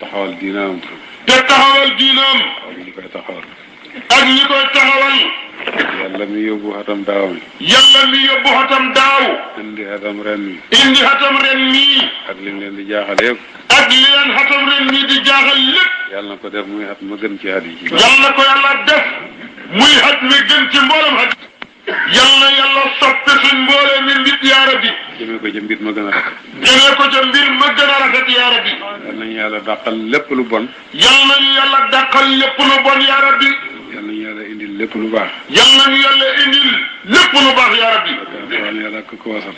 taxawal diinaam. te taxawal diinaam. ak ñi koy taxawal. ak ñi koy taxawal. yàlla mi yóbbu xatam daaw mi. yàlla mi yóbbu xatam daaw. indi xatam ren mi. indi xatam ren mi. ak li leen di jaaxal yëpp. ak li leen xatam ren mi di jaaxal lépp. yàlla na ko def muy xat ma gën ci xat yi. yàlla na ko yàlla def. muy xat mi gën ci mboolem xat. yàlla yàlla soppe suñ mboolee mi mbit yaara bi. jëmee ko ca mbir ma gën a rafet. jëmee ko ca mbir ma gën a rafet yaa rabbi. yal nañu yàlla dàqal lépp lu bon. yal nañu yàlla dàqal lépp lu bon yaa rabbi. yal nañu yàlla indil lépp lu baax. yal nañu yàlla indil lépp lu baax yaa rabbi. alquran yàlla ku ko wasal.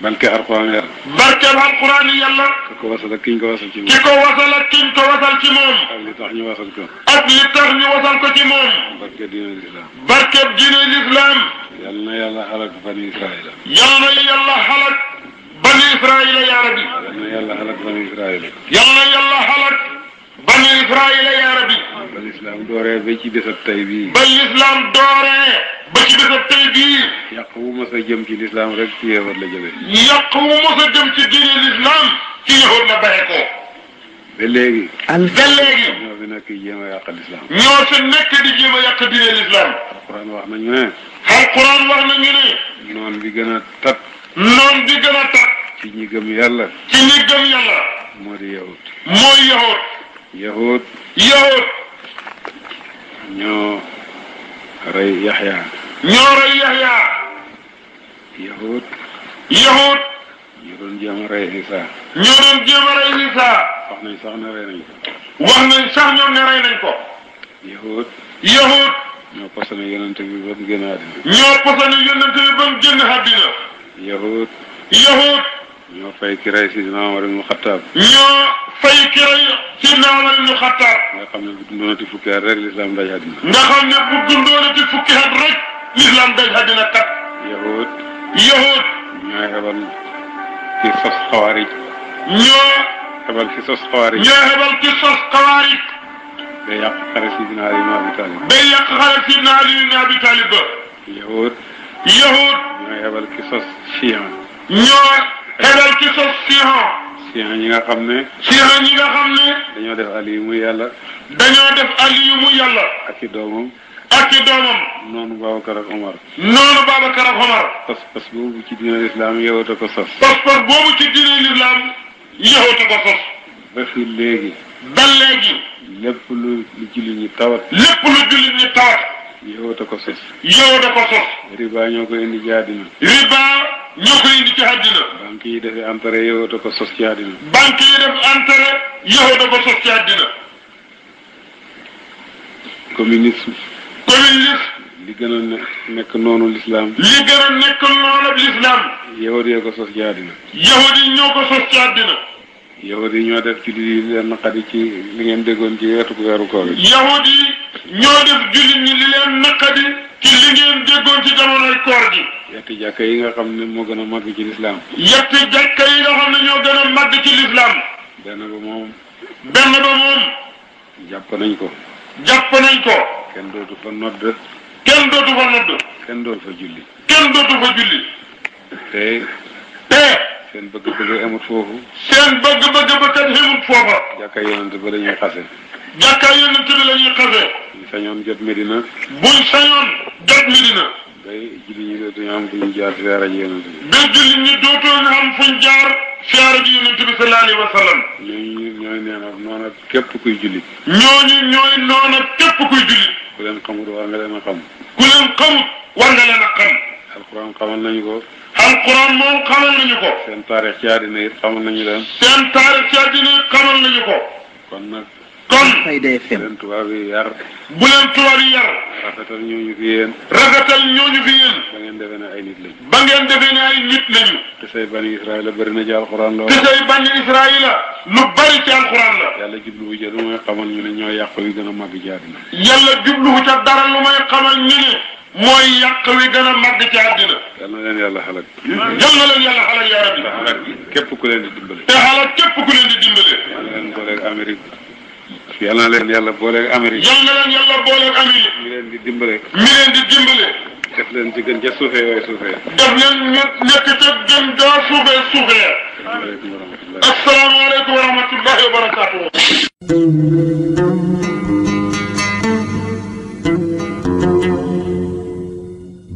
barke alquran yàlla. barke alquran yàlla. ku ko wasal ak ki ñu ko wasal ci moom. ki ko wasal ak ki ñu ko wasal ci moom. ak li tax ñu wasal ko. ak li tax ñu wasal ko ci moom. barke diine l'islam. barke diine l'islam. yal na yàlla xalak bani israila yal na yàlla xalak bani israila yaa rabbi yal na yàlla xalak bani israila yal na yàlla xalak bani israila yaa rabbi ba lislaam dooree ba ci bésab tey bii ba lislaam dooree ba ci bésab tey bii yàq wu mas a jëm ci lislaam rek ci yéefar la jëme yàq wu mas a jëm ci diine lislaam ci yéefar la baxe ko ba léegi. al ba léegi. ñoo fi nekk di jéem a yàq lislaam. ñoo fi nekk di jéem a yàq diine lislaam. alquran wax nañu ne. alquran wax na ñu ne noon bi gën a tat noon bi gën a tat ci ñi gëm yàlla ci ñi gëm yàlla moo di yahut mooy yahut yahut yahut ñoo rey yahya ñoo rey yahya yahut yahut ñu doon jéem a rey isa ñu doon jéem a rey isa wax nañ sax ne rey nañ ko wax nañ sax ñoom ne rey nañ ko yahut yahut ñoo posone yonente bi ba mu génn àddina. ñoo posone yonente bi ba mu génn àddina. yahud. yahud. ñoo fay ki rey Sidina Omar ibnu Xattaab. ñoo fay ki rey Sidina Omar ibnu Xattaab. nga xam ne bu dundoonati fukki at rek lislaam daj àddina. nga xam ne bu dundoonati fukki at rek lislaam daj àddina kat. yahud. yahud. ñoo xebal ci sos xawaarij. ñoo. xebal ci sos xawaarij. ñoo xebal ci sos xawaarij. day yàq xare Sidina Ali ibn Abi Talib. day yàq xare Sidina Ali ibn Abi Talib ba. yahud. yahud. ñoo yebal ki sos Chian. ñoo yebal ki sos Chian. Chian ñi nga xam ne. Chian ñi nga xam ne. dañoo def Ali muy yàlla. dañoo def Ali muy yàlla. ak i doomam. ak i doomam. noonu Babacar ak Omar. noonu Babacar ak Omar. pas-pas boobu ci diine lislaam yahut a ko sos. pas-pas boobu ci diine lislaam yahut a ko sos. ba fi léegi. ba léegi. lépp lu lu ñi tawat. lépp lu julli ñi tawat. yow da ko sos. yow da ko sos. riba ñoo koy indi ci àddina. riba ñoo koy indi ci àddina. banque yi def intérêt yow da ko sos ci àddina. banque yi def intérêt yow da ko sos ci àddina. communisme. communisme. li gën a nekk noonu lislaam li gën a nekk noonu lislaam yahud yi ñoo ko sos ci àddina. yahud yi ñoo def jullit yi li leen naqari ci li ngeen déggoon ci wetu weeru koor yi. yahud yi ñoo def jullit ñi li leen naqari ci li ngeen déggoon ci jamonoy koor gi. yetti jàkka yi nga xam ne moo gën a màgg ci lislaam. yetti jàkka yi nga xam ne ñoo gën a màgg ci lislaam. benn ba moom. benn ba moom. jàpp nañ ko. jàpp nañ ko. kenn dootu fa nodd. kenn dootu fa nodd. kenn dootu fa julli. kenn Sen bëgg-bëgg amul foofu. seen bëgg-bëgg ba kenn xamul foofa. jàkka yonent ba la ñuy xase. jàkka yonent bi la ñuy xase. buñ sañoon jot Medina. buñ sañoon jot Medina. bay julli ñi dootuñu am fu ñu jaar siyaara ji yonent bi. bay julli ñi dootuñu am fu ñu jaar siyaara ji yonent bi sallallahu alayhi wa sallam. ñooñu ñooy nee na noona képp kuy julli. ñooñu ñooy noona képp kuy julli. ku leen xamut war nga leen xam. ku leen xamut war nga leen xam. alquran xamal nañu ko. alquran moom xamal nañu ko. seen taarix ci àddina it xamal nañu leen. seen taarix ci àddina it nañu ko. kon na kon Alfayda FM bu leen tubaab yi yar. bu leen tubaab yi yar. rafetal ñooñu fi yéen. rafetal ñooñu fi yéen. ba ngeen defee ay nit lañu. ba ngeen defee ne ay nit lañu. xisay bani Israaïla bëri na ci alxuraan la. xisay bani Israaïla lu bëri ci alxuraan la. yàlla jubluwu ca lu may xamal ñu ne ñoo yàq yu gën a màgg ci àddina. yàlla jubluwu ca dara lu may xamal ñu mooy yàq wi gën a màgg ci àddina. yal na leen yàlla xalak. yal na leen yàlla xalak yaa rabbi. te xalak képp ku leen di dimbale. te xalak képp ku leen di dimbale. yal na leen booleeg Amérique. yal na leen yàlla booleeg Amérique. yal na leen yàlla booleeg Amérique. mi leen di dimbale. mi leen di dimbale. def leen ci gën ca suufee waaye suufee. def leen nekk ca gën daa suufee suufee. asalaamaaleykum wa rahmatullahi wa barakaatu.